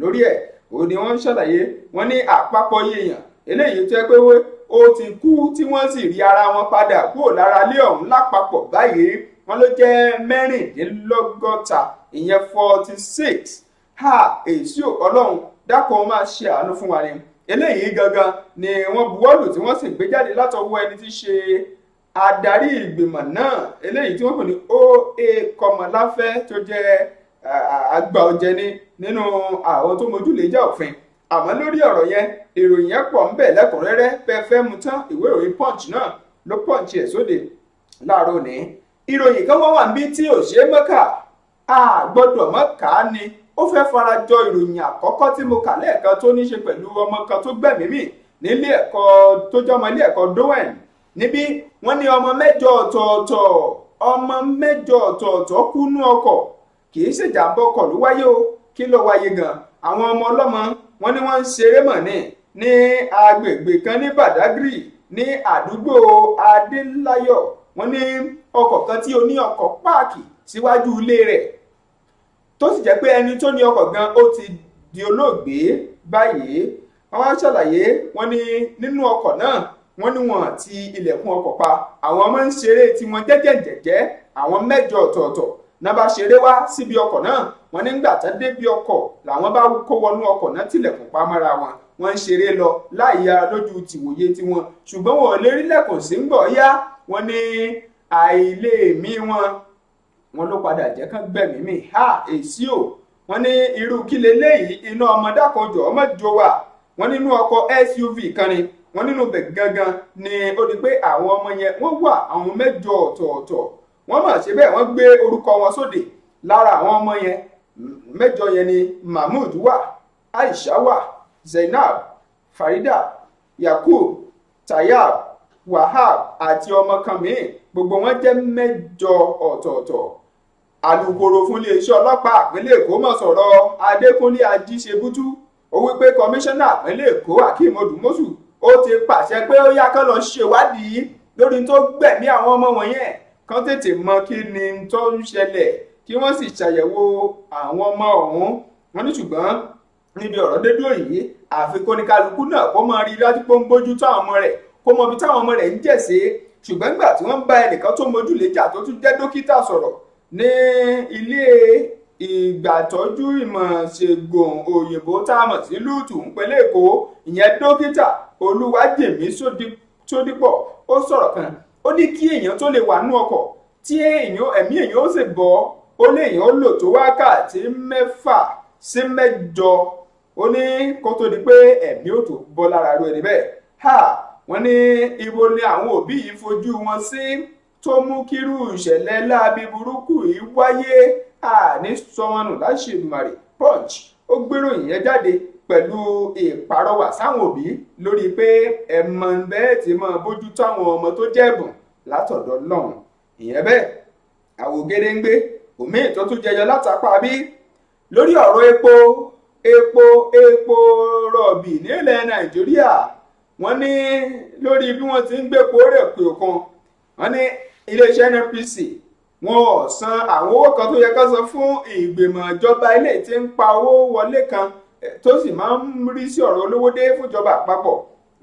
lórí ẹ̀ òun ni wọ́n ń ṣàlàyé wọ́n ní àpapọ̀ yéèyàn eléyìí tó yẹ pé ó ti kú tí wọ́n sì rí ara wọn padà kúrò lára ilé ọ̀hún lápapọ̀ báyìí wọ́n ló jẹ́ mẹ́rìndínlọ́gọ́ta ìyẹn forty six ha èsì ọlọ́run dákun máa ṣe àánú fún wa ni eléyìí gangan ni wọ́n buwọ́lù tí wọ́n sì gbé jáde látọwọ́ ẹni tí í ṣe adarí ìgbìmọ̀ náà eléyìí tí wọ́n pè ní OA Kọmọláfẹ́ tó jẹ́ àgbà ọ̀jẹ̀ni nínú àwọn tó mójúlẹ̀jà òfin àmọ́ lórí ọ̀rọ̀ yẹn ìròyìn yẹn pọ̀ ń bẹ̀ lẹ́kùnrẹ́rẹ́ pẹ́ẹ́fẹ́ mu tán ìwé ìròyìn punch náà ló punch ẹ̀ sóde láàárọ̀ ní. ìròyìn kan wọ́n wà níbi tí òṣèré mọ́kà àgbọ́dọ̀ mọ́kà ni ó fẹ́ farajọ ìròyìn àkọ́kọ́ tí mo kà lẹ́ẹ̀kan tó ní ṣe pẹ̀lú ọmọ kan tó gbẹ̀mí mì nílé ẹ̀kọ́ tó jọmọ ilé ẹ̀kọ́ dowen níbí wọ́n ní ọmọ mẹ́jọ ọ̀tọ̀ọ̀tọ̀ ọmọ mẹ́jọ ọ̀tọ̀ọ̀tọ̀ kúnú ọkọ̀ kì í ṣèjàmbá ọkọ̀ ló wáyé o kí ló wáyé gan àwọn ọmọ ọlọ́mọ wọ́n ní wọ́n ń ṣeré mọ̀ ní ní agbègbè kan ní Badagry ní àdúgbò Adélayọ̀ wọ́n ní ọkọ̀ kan tí oní ọkọ̀ páàkì síwájú ilé rẹ̀ tó sì jẹ́ pé ẹni tó ní ọkọ̀ gan ó ti di olóògbé báyìí wọ́n wá ṣàlàyé wọ́n ní nínú ọkọ̀ náà wọ́n ní wọ́n ti ilẹ̀kùn ọkọ̀ pa àwọn ọmọ ń ṣeré tiwọn jẹ́jẹ̀jẹ̀jẹ́ àwọn mẹ́jọ ọ̀tọ̀ọ̀tọ̀ náà bá ṣeré wá síbi ọkọ̀ náà wọ́n nígbà tán débi ọkọ̀ làwọn bá kó wọnú ọkọ̀ náà tilẹ̀kùn pa mọ́ra wọn wọ́n ń ṣeré lọ láì yára lójú tìwòye tiwọn ṣùgbọ́n wọn ò lè rí lẹ̀kùn sí ń gbọ̀ yá wọ́n ní àìlèmí wọn wọn ló padà jẹ́ kán gbẹ̀mí mi ha èsì o wọ́n ní irú kí leléyìí iná ọmọdákanjọ ọmọdé wà wọ́n nínú ọkọ̀ SUV kan ni wọ́n nínú bẹ̀ gangan ni ó di pé àwọn ọmọ yẹn wọ́n wà àwọn mẹ́jọ ọ̀tọ̀ọ̀tọ̀ wọ́n mà ṣe bẹ́ẹ̀ wọ́n gbé orúkọ wọn sóde lára àwọn ọmọ yẹn mẹ́jọ yẹn ni Mahmood wà Aisha wà Zainab Farida Yakub Tayab Wahab àti ọmọ kan mìíràn gbogbo wọn jẹ́ mẹ́jọ ọ̀tọ̀ọ̀tọ̀ alūkkóró fún iléeṣẹ́ ọlọ́pàá ìpínlẹ̀ èkó mọ̀ sọ̀rọ̀ adékúnlé ajíṣebútú ó wí pé kọmíṣánná ìpínlẹ̀ èkó akeem odùmọ́sù ó ti pàṣẹ pé ó yá kán lọ ṣèwádìí lórí tó gbẹ̀mí àwọn ọmọ wọ̀nyẹn kán tètè mọ kí ni tó ń ṣẹlẹ̀ kí wọ́n sì ṣàyẹ̀wò àwọn ọmọ ọ̀hún wọn ní ṣùgbọ́n níbi ọ̀rọ̀ dédúró yìí àfikún ní kálukú náà kó mọ rí dájú pé ó ń bójú tó àwọn ọmọ rẹ̀ kó mọ ibi táwọn ọmọ rẹ̀ ń jẹ̀sẹ̀ ṣùgbọ́n nígbà tí wọ́n bá ẹnìkan tó mójúlé jà tó tún jẹ́ dókítà sọ̀rọ̀ ní ilé ìgbàtọ́jú ìmọ̀ ṣègùn òyìnbó tá a mọ̀ sí lùtù ńpẹ̀lẹ̀ èkó ìyẹn dókítà olúwájèmí sódípọ̀ ó sọ̀rọ̀ kan ó ní kí èèyàn tó lè wà nú ọkọ̀ tí èèyàn ẹ̀mí èèyàn ó sì bọ́ ó lé èèyàn ó lò tó wákàtí mẹ́fà sí mẹ́jọ ó ní kó tó di pé ẹ̀mí ò tó bọ́ lára rẹ̀ níbẹ̀ ha wọ́n ní ibo ni àwọn òbí yìí fojú wọn sí. Si, tó mú kírú ìṣẹ̀lẹ̀ láabi burúkú yìí wáyé àní sọmọnù láṣẹmàrè punch ó gbéròyìn yẹn jáde pẹ̀lú ìpàrọwà sáwọn òbí lórí pé ẹ̀mọ̀ bẹ́ẹ̀ ti máa bójú tó àwọn ọmọ tó jẹ̀bùn látọ̀dọ̀ Ọlọ́run ìyẹn bẹ́ẹ̀ àwògedengbe òmíì tó tún jẹyọ látàpá bí lórí ọ̀rọ̀ epo epo epo rọ̀bì nílẹ̀ Nàìjíríà wọ́n ní lórí bí wọ́n ti ń gbépo rẹ̀ pé òkan wọ́n ní iléeṣẹ́ NNPC wọn ò san àwọn owó kan tó yẹ ká san fún ìgbìmọ̀ ìjọba ilé tí ń pa owó wọlé kan eh, tó sì máa ń rí sí ọ̀rọ̀ olówó dé fúnjọba àpapọ̀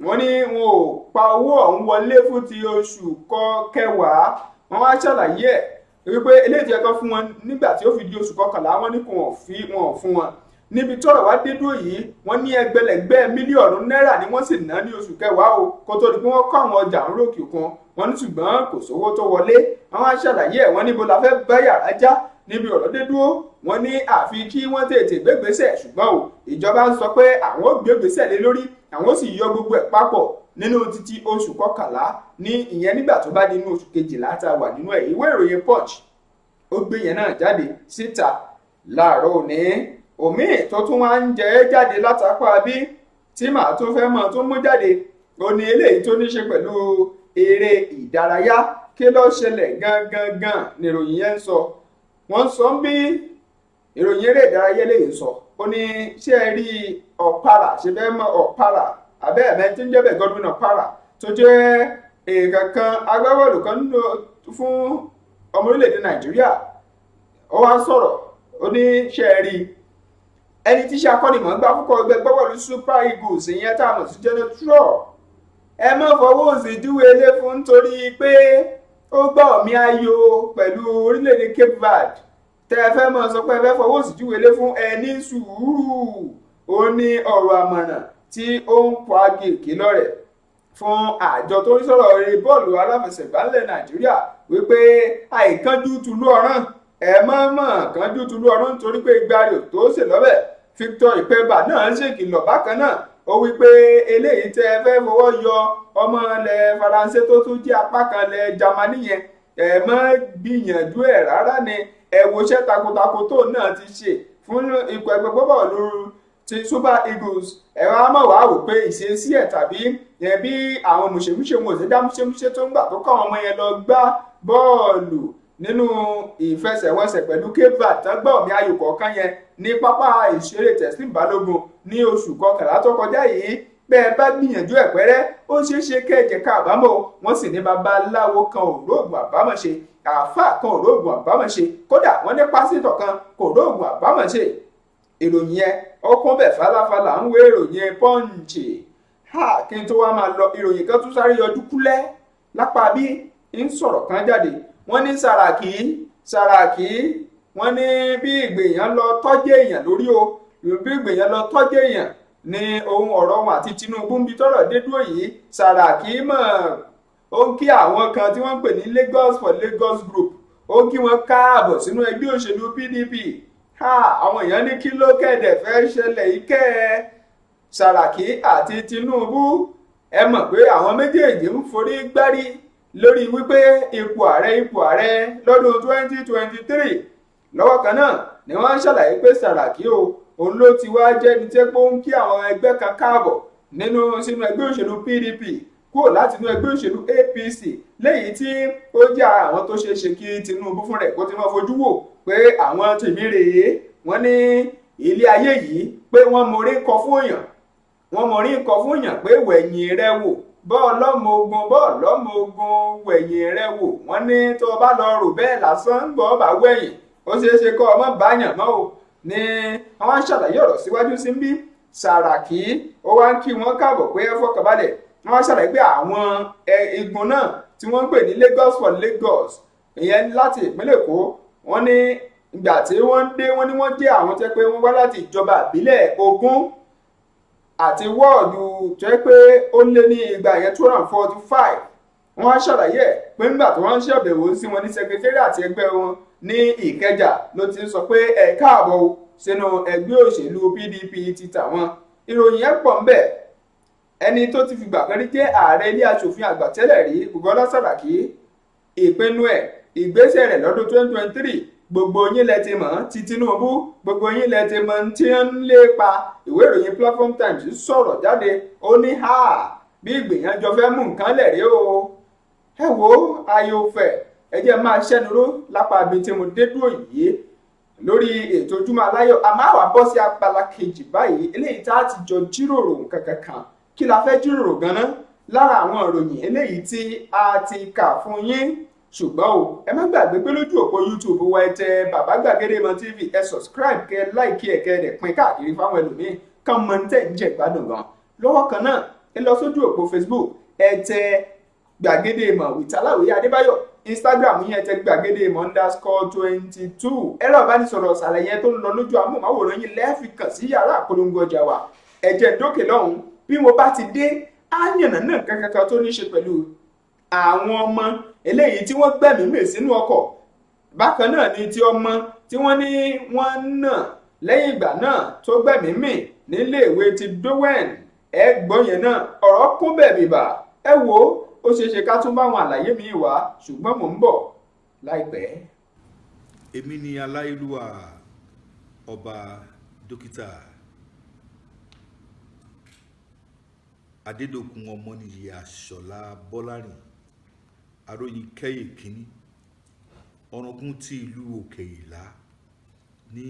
wọ́n ní wọn ò pa owó ọ̀hún wọlé fún ti oṣù kọkẹwàá wọ́n wá ṣàlàyé ẹ̀ wípé eléyìí ẹ̀kọ́ fún wọn nígbà tí ó fi di oṣù kọkànlá wọ́n ní kò wọ́n fi wọn fún wọn níbi tọ́rọ̀ wá dé dúró yìí wọ́n ní ẹgbẹ̀lẹ́gbẹ̀ mílíọ̀nù náírà ni wọ́n sì ná ní oṣù kẹwàá o kó tó di pé wọ́n kọ́ àwọn ọjà ń rókè kan wọ́n ní ṣùgbọ́n kò sówó tó wọlé àwọn aṣàlàyé ẹ̀ wọ́n níbo la fẹ́ bá yàrá já níbi ọ̀rọ̀ dé dúró wọ́n ní àfi kí wọ́n tètè gbégbèsè ṣùgbọ́n o ìjọba ń sọ pé àwọn ò gbégbèsè lé lórí àwọn ó sì yọ gbogbo ẹ̀ papọ̀ nínú títí oṣù kọkànlá ní ìyẹn nígbà tó bá nínú oṣù kejìlá tá a wà nínú ẹ̀ ìwé ìròyìn punch ó gbé yẹn náà jáde síta láàárọ̀ òní òmíì tó tún wá ń jẹ jáde látàkọ abí tí màá tó fẹ́ mọ̀ tó mú jáde ó eléyìí tó ní ṣe pẹ̀lú eré ìdárayá kí ló ṣẹlẹ̀ gangan níròyìn yẹn ń sọ wọ́n sọ ń bí ìròyìn eré ìdárayá lè sọ ó ní ṣé ẹ rí ṣe fẹ́ mọ tí ń jẹ́ Godwin tó jẹ́ èèkàn kan agbábọ́ọ̀lù kan fún ọmọ orílẹ̀-èdè Nàìjíríà ó wá sọ̀rọ̀ ó ní ṣé ẹ rí ẹni tí ṣe ẹ má fọwọ́ òsì júwe ilé fún nítorí pé ó gbọ́ mi ayò pẹ̀lú orílẹ̀-èdè Cape Verde tẹ́ ẹ fẹ́ mọ̀ sọ pé ẹ fẹ́ fọwọ́ òsì júwe ilé fún ẹni sùúrù ó ní ọ̀rọ̀ àmọ̀ràn tí ó ń pọ̀ agèké lọ́rẹ̀ fún àjọ tó ń sọ̀rọ̀ eré bọ́ọ̀lù aláfẹsẹ̀gbá ńlẹ̀ Nàìjíríà wípé àìkánjú tùlú ọ̀ràn ẹ má mọ̀ kánjú tùlú ọ̀ràn nítorí pé ìgbà tó ṣe Victor Ipeba náà ń ṣèkìlọ̀ bákan náà ó wí eléyìí tẹ́ ẹ fẹ́ fọwọ́ yọ ọmọ ilẹ̀ faransé tó tún jẹ́ apá kan ilẹ̀ jamani yẹn ẹ mọ́ gbìyànjú ẹ̀ rárá ni ẹ wo iṣẹ́ takuntakun tó náà ti ṣe fún ikọ̀ ẹgbẹ́ gbọ́bọ̀ lóru ti super eagles ẹ̀rọ amọ̀wá wò pé ìṣesí ẹ̀ tàbí bí àwọn mùṣemúṣe wọn ò sí dá múṣemúṣe tó ń gbà tó kọ́ àwọn ọmọ yẹn lọ gbá bọ́ọ̀lù nínú ìfẹsẹ̀wọnsẹ̀ pẹ̀lú kébà tọ́gbọ̀n mi ayò kọ̀ọ̀kan yẹn ní pápá ìṣeré Teslim Balógun ní oṣù kọkànlá tó kọjá yìí bẹ́ẹ̀ bá gbìyànjú ẹ̀ pẹ́rẹ́ ó ṣeé ṣe kẹ́ẹ̀jẹ̀ káàbámọ̀ wọ́n sì ní bàbá aláwo kan òróògùn àbámọ̀ ṣe àáfàá kan òróògùn àbámọ̀ ṣe kódà wọ́n ní pásítọ̀ kan kò òróògùn àbámọ̀ ṣe ìròyìn yẹn ọkùn bẹ̀ falafala ń wé ìròyìn pọ́ǹchì ha kí n tó wá máa lọ ìròyìn kan tún sáré yọjú kúlẹ̀ lápá bí ń sọ̀rọ̀ kan jáde wọ́n ní Sàràkí Sàràkí wọ́n ní bí ìgbèyàn lọ tọ́jú èèyàn lórí o bí ìgbèyàn lọ tọ́jú èèyàn ní ohun ọ̀rọ̀ wọn àti Tinubu ń bi tọ́rọ̀ dé dúró yìí Sàràkí mọ̀ ó kí àwọn kan tí wọ́n ń pè ní Lagos for Lagos Group ó kí wọn káàbọ̀ sínú ẹgbẹ́ òṣèlú PDP àwọn èèyàn ní kí ló kẹ̀dẹ̀ fẹ́ ṣẹlẹ̀ ikẹ́ Sàràkí àti Tinubu ẹ mọ̀ pé àwọn méjèèjì ń forí gbárí lórí wípé ipò ààrẹ ipò ààrẹ lọ́dún 2023 lọ́wọ́ kan náà ni wọ́n ń ṣàlàyé pé Sàràkí o òun ló ti wá jẹ́ni tí ó ń kí àwọn ẹgbẹ́ kan káàbọ̀ nínú sínú ẹgbẹ́ òṣèlú PDP kúrò láti inú ẹgbẹ́ òṣèlú APC léyìí tí ó jẹ́ àwọn tó ṣeé ṣe kí Tinubu fúnra ẹ̀ kó ti máa fojú wò pé àwọn tèmi rèé wọ́n ní ilé ayé yìí pé wọ́n morí kọ fún èèyàn wọ́n morí kọ fún èèyàn pé wẹ̀yìn rẹ wò bọ́ọ̀ lọ́mọ ogun bọ́ọ̀ lọ́mọ ogun wẹ̀yìn rẹ wò wọ́n ní tó o bá lọ rò bẹ́ẹ̀ lásán bọ́ọ̀ bá wẹ̀yìn ó ṣeé ṣe kọ́ ọmọ báyàn mọ́ o ni àwọn ń ṣàlàyé ọ̀rọ̀ síwájú sí ń bí Sàràkí ó wá ń kí wọn káàbọ̀ pé ẹ fọkànbalẹ̀ wọn ṣàlàyé pé àwọn igun náà tí wọ́n ń pè ní Lagos for Lagos ìyẹn láti ìpínlẹ̀ Èkó wọ́n ní ìgbà tí wọ́n dé wọ́n ní wọ́n jẹ́ àwọn tẹ́ pé wọ́n wá láti ìjọba ìbílẹ̀ Ògùn àti wọ́ọ̀dù tẹ́ pé ó lé ní ìgbà yẹn two hundred forty five wọ́n ṣàlàyé pé nígbà tí wọ́n ń ṣàbẹ̀wò sí wọn ní secretariat àti ẹgbẹ́ wọn ní ìkẹjà ló ti ń sọ pé ẹ káàbọ̀ o sínú ẹgbẹ́ òṣèlú pdp ti tàwọn ìròyìn yẹn pọ̀ ńbẹ̀ ẹni tó ti fìgbà kan rí jẹ́ ààrẹ ilé asòfin àgbà tẹ́lẹ̀ rí Bùkọ́lá Sàràkí ìpinnu ẹ̀ ìgbésẹ̀ rẹ̀ lọ́dún 2023 gbogbo yín lẹ ti mọ̀ ti Tinubu gbogbo yín lẹ ti mọ̀ tí ń lépa ìwé ìròyìn Platform Times sọ̀rọ̀ jáde ó ní ha bí ìgbìyànjọ fẹ́ mú nǹkan lẹ̀ rí o ẹ wo ayò fẹ̀ ẹ jẹ́ máa ṣẹ́nuró lápá ibi tí mo dé dúró yìí lórí ètò ojúmọ́ aláyọ̀ àmọ́ àwa bọ́ sí abala kejì báyìí eléyìí tá a ti jọ jíròrò nǹkan kankan kí la fẹ́ jíròrò gan-an lára àwọn ìròyìn eléyìí tí a ti kà fún yín ṣùgbọ́n o ẹ má gbàgbé pé lójú òpó youtube wa ẹ tẹ bàbá gbàgede mọ tv ẹ subscribe kẹ láìkí ẹ kẹ ẹ pín káàkiri fáwọn ẹlòmíín kan mọ ní tẹ̀ ń jẹ ìgbádùn gan lọ́wọ́ kan náà ẹ lọ sójú òpó facebook ẹ tẹ gbàgede mọ wìtàláwìyí adébáyọ̀ instagram yẹn tẹ gbàgede ìmọ̀ underscore twenty two ẹ̀rọ ìbánisọ̀rọ̀ ṣàlẹ̀ yẹn tó ń lọ lójú amóhùnmáwòrán yìí lẹ́ẹ̀fì kàn sí yàrá àpolongo ọjà wa ẹ̀jẹ̀ dókè lọ́hùn bí mo bá ti dé á yànnà náà kankankan tó ní ṣe pẹ̀lú àwọn ọmọ eléyìí tí wọ́n gbẹ̀mí mì sínú ọkọ̀ bákan náà ni ti ọmọ tí wọ́n ní wọ́n nà lẹ́yìn ìgbà náà tó gbẹ̀mí mì níléèwé ti dowen ẹ gbọ́ yẹn náà ọ̀rọ̀ kún bẹ̀ bìbà ẹ wo ó ṣeé ṣe ká tún bá àwọn àlàyé míì wá ṣùgbọ́n mò ń bọ̀ láìpẹ́. èmi ni aláyélúwà ọba dókítà adédọ̀kun ọmọnìyí àṣọlá bọ́lárìn aróyin kẹ́yè kínní ọ̀ràngún ti ìlú òkè ní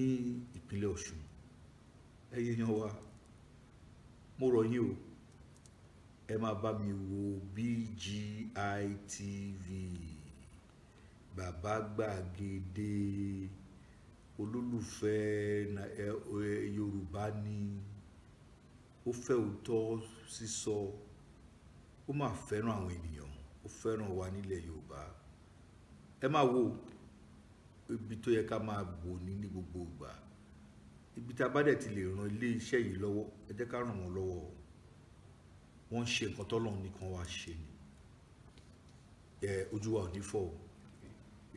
ìpínlẹ̀ ọ̀ṣun ẹ̀yẹ̀yàn wa mo rọ̀ yín o ẹ máa bá mi wo BGI TV bàbá gbàgede olólùfẹ́ yorùbá ni ó fẹ́ òótọ́ sísọ ó máa fẹ́ràn àwọn ènìyàn ó fẹ́ràn wa nílẹ̀ yorùbá ẹ máa wo ibi tó yẹ ká máa wò ní ní gbogbo ìgbà ibi tá a bá dẹ̀ ti lè ran ilé iṣẹ́ yìí lọ́wọ́ ẹ jẹ́ ká ràn wọ́n lọ́wọ́ o wọ́n ń ṣe nǹkan tọ́lọ́run nìkan wá ṣe ni ojú wa ò ní fọ́ o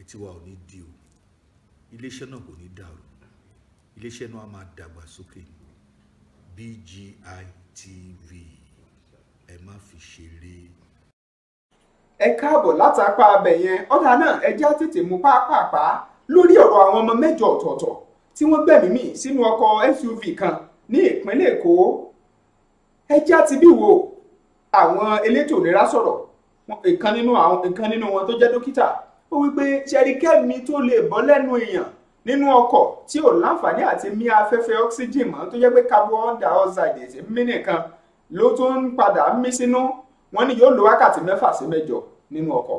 etí wa ò ní di o iléeṣẹ́ náà kò ní dàrú iléeṣẹ́ náà a máa dàgbà sókè BGI TV ẹ má fi ṣeré. ẹ káàbọ̀ látàpá abẹ yẹn ọ̀dà náà ẹ já tètè mú pápápá lórí ọ̀rọ̀ àwọn ọmọ mẹ́jọ ọ̀tọ̀ọ̀tọ̀ tí wọ́n gbẹ̀mí mì sínú ọkọ̀ SUV kan ní ìpínlẹ̀ Èkó ẹ já ti bí wo àwọn elétò ìlera sọ̀rọ̀ ìkan nínú àwọn ìkan nínú wọn tó jẹ́ dókítà ó wí pé ṣẹ̀ríkẹ́mi tó lè bọ́ lẹ́nu èèyàn nínú ọkọ̀ tí ò láǹfààní àti mí afẹ́fẹ́ oxygen mọ́ tó jẹ́ pé carbon dioxide ti mí nìkan ló tún ń padà mí sínú wọn ni yóò lo wákàtí mẹ́fà sí mẹ́jọ nínú ọkọ̀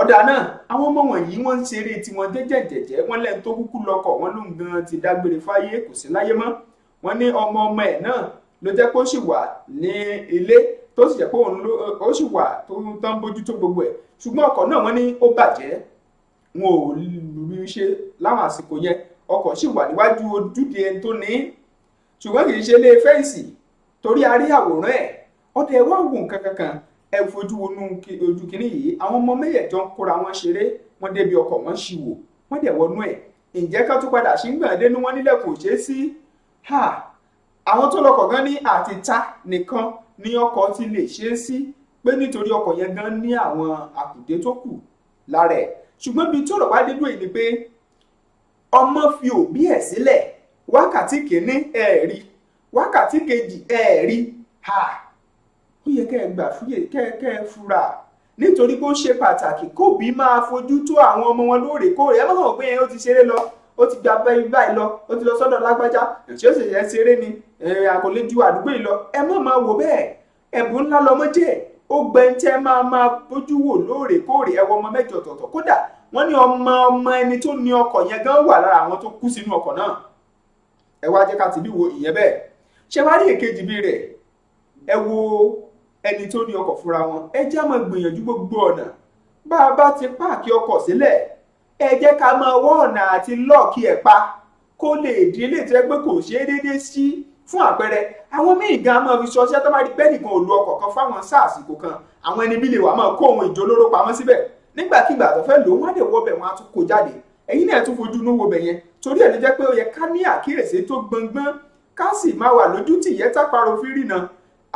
ọ̀dà náà àwọn ọmọ wọ̀nyí wọ́n ń ṣeré tiwọn jẹ́jẹ̀jẹ̀jẹ́ wọ́n lẹ́nu tó kúkú lọ́kọ̀ wọ́n ló ń gan ti dágbére fáyé kò sí láyé mọ́ wọ́n ní ọmọ ọmọ ẹ̀ náà ló jẹ́ kó sì wà ní ilé tó sì jẹ́ pé òun ló ó sì wà tó ń tán bójútó gbogbo ẹ̀ ṣùgbọ́n ọkọ̀ náà wọ́n ní ó bàjẹ́ wọn ò rí ṣe láwọn àsìkò yẹn ọkọ̀ sì wà níwájú ojúde ẹni tó ní ṣùgbọ́n kì í ṣe ilé fẹ́ǹsì torí a rí àwòrán ẹ̀ ọdẹ ẹ wá wò nǹkan kankan ẹ fojú wọnú ojú kìíní yìí àwọn ọmọ mẹ́yẹ̀ẹ̀jọ ń kóra wọn ṣeré wọ́n débi ọkọ̀ wọn ṣì wò wọ́n dẹ̀ wọnú ẹ̀ ǹjẹ́ ká tún padà sí gbọ̀n dénú wọn nílẹ̀kùn òṣèṣí àwọn tó lọkọ̀ gan ní àti nìkan ni ọkọ̀ ti lè ṣe é sí pé nítorí ọkọ̀ yẹn gan ní àwọn àkùdé tó kù lára ẹ̀ ṣùgbọ́n bíi tọ́rọ̀ wá dé dúró yìí ni pé ọmọ fi òbí ẹ̀ sílẹ̀ wákàtí kìíní ẹ̀ẹ̀rí wákàtí kejì ẹ̀ẹ̀rí ha ó yẹ kẹ́ ẹ gbà fúyè kẹ́ ẹ fura nítorí pé ó ṣe pàtàkì kóbi máa fojú tó àwọn ọmọ wọn lóòrèkóòrè ẹ lọ́kàn pé ó ti ṣeré lọ ó ti gba báyìí lọ ó ti lọ sọ́dọ̀ lágbájá ṣé ó ṣeré ni àkọlé ju àdúgbò yìí lọ ẹ má máa wò bẹ́ẹ̀ ẹ̀bùn ńlá lọmọ jẹ́ ó gbẹ̀yìn tẹ́ máa máa bójú wò lóòrèkóòrè ẹwọ ọmọ mẹ́jọ tọ̀tọ̀ kódà wọ́n ní ọmọ ọmọ ẹni tó ní ọkọ̀ yẹn gan wà lára àwọn tó kú sínú ọkọ̀ náà ẹ wá jẹ́ ká ti bí wo ìyẹn bẹ́ẹ̀ ṣé wá rí èkejì bí rẹ̀ ẹ wo ẹni tó ní ọkọ̀ fúnra wọn ẹ jẹ́ máa gbìyànjú gbogbo ọ̀nà bá a bá ti páàkì ọkọ̀ sílẹ̀ ẹ jẹ́ ká máa wọ́ ọ̀nà àti lọ́ọ̀kì ẹ̀ pa kó lè dín lè tẹ́ pé kò ṣeé déédéé sí fún àpẹẹrẹ àwọn míì gan máa fi ṣọṣẹ́ tó bá rí pẹ́ẹ́nìkan ò lu ọkọ̀ kan fáwọn sáàsìkò kan àwọn ẹni bí lè wà máa kó ohun ìjólóró pamọ́ síbẹ̀ nígbàkigbà tó fẹ́ lò wọ́n á dẹ̀ wọ́bẹ̀ wọn á tún kó jáde ẹ̀yin náà tún fojú inú wo bẹ̀ yẹn torí ẹ̀ ló jẹ́ pé ó yẹ ká ní àkíyèsí tó gbọngbọ́n ká sì máa wà lójú tì yẹ táparo fírì náà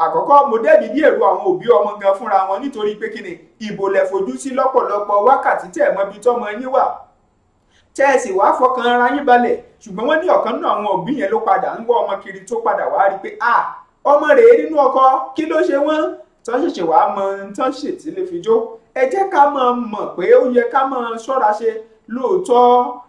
àkọ́kọ́ mo dẹ́bi bí èrò àwọn òbí ọmọ gan fúnra wọn nítorí pé kíni ìbò lẹ̀ fojú sí lọ́pọ̀lọpọ̀ wákàtí tẹ̀ mọ́bi tọ́mọ yín wà tẹ́ ẹ sì wá fọkàn ara yín balẹ̀ ṣùgbọ́n wọ́n ní ọ̀kan náà àwọn òbí yẹn ló padà ń wọ́ ọmọ kiri tó padà wá rí i pé à ọmọ rèé nínú ọkọ kí ló ṣe wọ́n tán ṣẹ̀ṣẹ̀ wàá mọ tán ṣètì lè fi jó ẹ jẹ́ ká máa mọ̀ pé ó yẹ ká máa ṣọ́ra ṣe lóòótọ́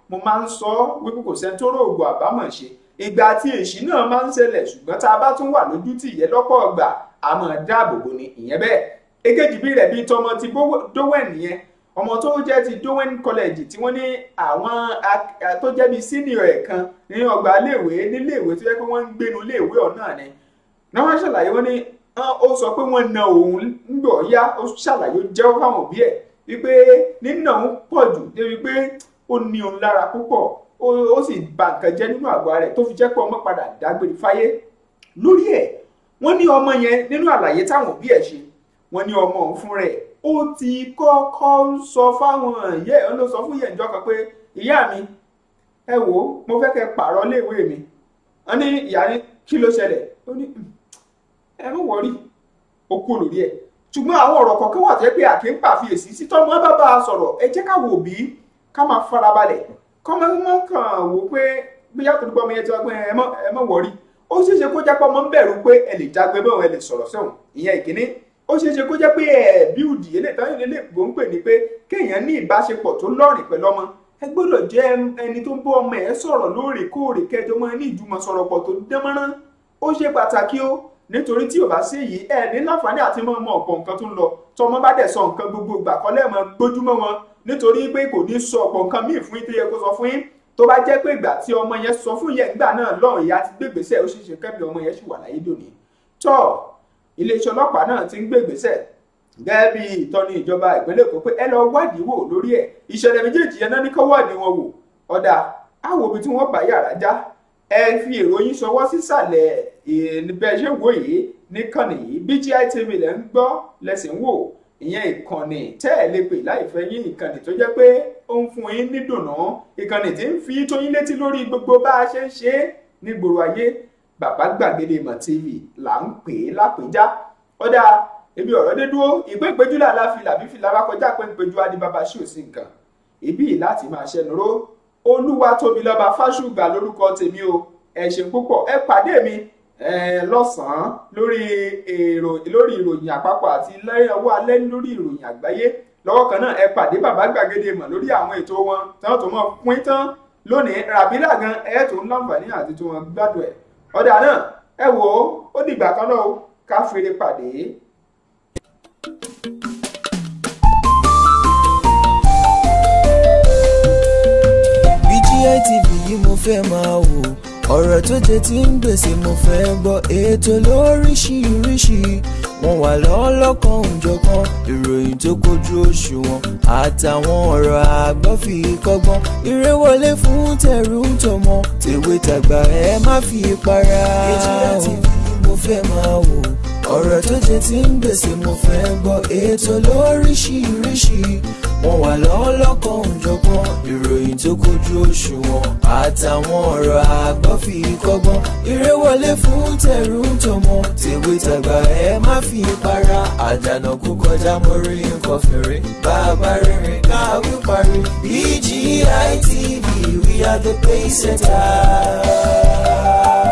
mo máa ń sọ wípé kò sẹ́ni tó rògbò àbámọ̀ ṣe ìgbà tí èṣì náà máa ń ṣẹlẹ̀ ṣùgbọ́n tá a bá tún wà lójú tì yẹ lọ́pọ̀ ọgbà a máa dáàbò bo ni ìyẹn bẹ́ẹ̀ èkejì bí rẹ̀ bíi tọmọ ti dówẹ̀ nìyẹn ọmọ tó jẹ́ ti Dowen College tí wọ́n ní àwọn tó jẹ́ bíi senior ẹ̀ kan nínú ọgbà iléèwé níléèwé tó jẹ́ pé wọ́n ń gbénu iléèwé ọ̀nà ni náà wọ́n ṣàlàyé wọ́n ní ó sọ pé wọ́n na òun ń gbọ̀ yá ó ṣàlàyé ó jẹ́wọ́ fáwọn òbí ẹ̀ wípé nínà òun pọ̀ jù débi pé ó ní òun lára púpọ̀ ó sì bà nǹkan jẹ́ nínú àgọ́ rẹ̀ tó fi jẹ́ pé ọmọ padà dágbére fáyé lórí ẹ̀ wọ́n ní ọmọ yẹn nínú àlàyé táwọn òbí ẹ̀ ṣe wọ́n ní ọmọ òun fúnra ẹ̀ ó ti kọ́kọ́ ń sọ fáwọn ìyá ẹ̀ ló sọ fún ìyá ìjọ kan pé ìyá mi ẹ wò ó mo fẹ́ kẹ́ pààrọ̀ léèwé mi wọ́n ní ìyá ní kí ló ṣẹlẹ̀ ó ní hmm, ẹ mú wọ́n rí okú lórí ẹ̀ ṣùgbọ́n àwọn ọ̀rọ̀ kọ̀ọ̀kan wà tẹ́ pé àkè ń pàfiyèsí sí tọ́mọ bá bá a sọ̀rọ̀ ẹ jẹ́ ká wò bí ká máa farabalẹ̀ kọ́mọ mọ́ kàn wò pé bí yàtọ̀ nípa ọmọ yẹn ti wá pé ẹ mọ̀ wọ̀rí ó ṣeéṣe kó jápọ̀ ọmọ ń bẹ̀rù pé ẹ lè jágbe bẹ́ẹ̀ ẹ lè sọ̀rọ̀ sẹ́wọ̀n ìyẹn ìkíní ó ṣeé ṣe kó jẹ́ pé ẹ̀ẹ́bí ùdì eléyìí lè gbò ń pè ní pé kéèyàn ní ìbáṣepọ̀ tó lọ́rìn pẹ̀lú ọmọ ẹ gbọ́dọ̀ jẹ́ ẹni tó ń bọ́ ọmọ ẹ̀ sọ̀rọ̀ lóòrèkóòrè kẹjọ mọ́ ní ìjùmọ̀sọ̀rọ̀pọ̀ tó dánmọ́rán ó ṣe pàtàkì ó nítorí tí ò bá sí èyí ẹ ní láǹfààní àti mọ ọmọ ọ̀pọ̀ nǹkan tó ń lọ tọmọ bá dẹ̀ sọ nǹkan gbogbo ìgbà kọ́ lẹ́ẹ̀mọ gbójúmọ́ wọn nítorí pé kò ní sọ ọ̀pọ̀ nǹkan míì fún yín tó yẹ kó sọ fún yín tó bá jẹ́ pé ìgbà tí ọmọ yẹn sọ fún yẹn ìgbà náà lọ́rùn ìyá ti gbégbèsè ó ṣeéṣe kẹ́mi ọmọ yẹn ṣì wà láyé dòní. tọ́ọ̀ iléeṣẹ́ ọlọ́pàá náà ti ń gbé ìgbésẹ̀ gẹ́gẹ́ bí ìtọ́ni ìjọba ìpínlẹ̀ Èkó pé ẹ lọ wádìí wò lórí ẹ̀ ìṣẹ̀lẹ̀ méjèèjì yẹn náà ní kọ́ wádìí wọn wò ọ̀dà àwọn òbí tí wọ́n bá yàrá já ẹ fi ìròyìn ṣọwọ́ sísàlẹ̀ bẹ́ẹ̀ wò yìí níkànnì yìí BGI TV lẹ́ ń gbọ́ lẹ́sìn wò ìyẹn ìkànnì tẹ́ ẹ̀ lè pè láìfẹ́ yín ìkànnì tó jẹ́ pé ó ń fún yín nídùnnú ìkànnì tí ń fi tó yín létí lórí gbogbo bá a ṣe ń ṣe é nígboro ayé bàbá gbàgede mọ̀ tv là ń pè é lápèjá ọ̀dà ebi ọ̀rọ̀ dé dúró ìpé ìpéjú làlá fi làbí fi lára kọjá pé ìpéjú adébábá sí òsì nǹkan ìbí láti máa ṣẹnuró olúwa tóbi lọ́ba fáṣùgbà lórúkọ tèmi o ẹ púpọ̀ ẹ pàdé mi lọ́sàn-án lórí ìròyìn àpapọ̀ àti lẹ́yìnwó alẹ́ lórí ìròyìn àgbáyé lọ́wọ́ kan náà ẹ pàdé bàbá gbàgede mọ̀ lórí àwọn ètò wọn tí tó mọ̀ pín tán lónìí ràbílà ẹ̀ tó ń láǹfààní àti tó wọn gbádùn ẹ̀ ọ̀dà náà ẹ wò ó ó dìgbà kan náà ká fèrè pàdé. BGI TV yìí mo fẹ́ máa wò ọ̀rọ̀ tó jẹ ti ń gbèsè mo fẹ́ gbọ́ ètò lóríṣiríṣi wọ́n wà lọ́lọ́kan òjọ̀kan ìròyìn tó kojú òṣùwọ̀n àtàwọn ọ̀rọ̀ àgbọ́fi kọ́gbọ́n eré wọlé fún tẹ̀rù ń tọmọ tèwe tàgbà ẹ má fi para mo fẹ́ máa wò ọ̀rọ̀ tó jẹ ti ń gbèsè mo fẹ́ gbọ́ ètò lóríṣiríṣi wọn wà lọ́wọ́ lọ́kàn òjọ̀gbọ́n ìròyìn tó kojú òṣùwọ̀n àtàwọn ọ̀rọ̀ àgbọ́ fi kọ́gbọ́n eré wọlé fún tẹ̀rù ń tọmọ tèwe tàgbà ẹ má fi para àdànà kú kọjá mórí nǹkan fèrè bàbá rìnrìn káwí parí BGI e TV we are the pace setter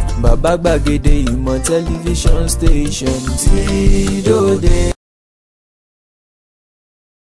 bàbá gbàgede ìmọ̀ tẹlifíṣàn station ti dòde.